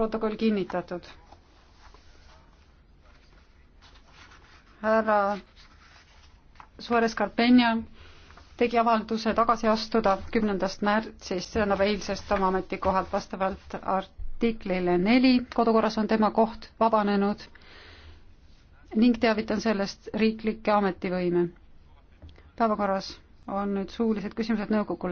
protokoll kinnitatud. härra Suarez Carpena tegi avalduse tagasi astuda kümnendast märtsist, see annab eilsest oma ametikohalt vastavalt artiklile neli, kodukorras on tema koht vabanenud ning teavitan sellest riiklikke ametivõime. päevakorras on nüüd suulised küsimused nõukogule.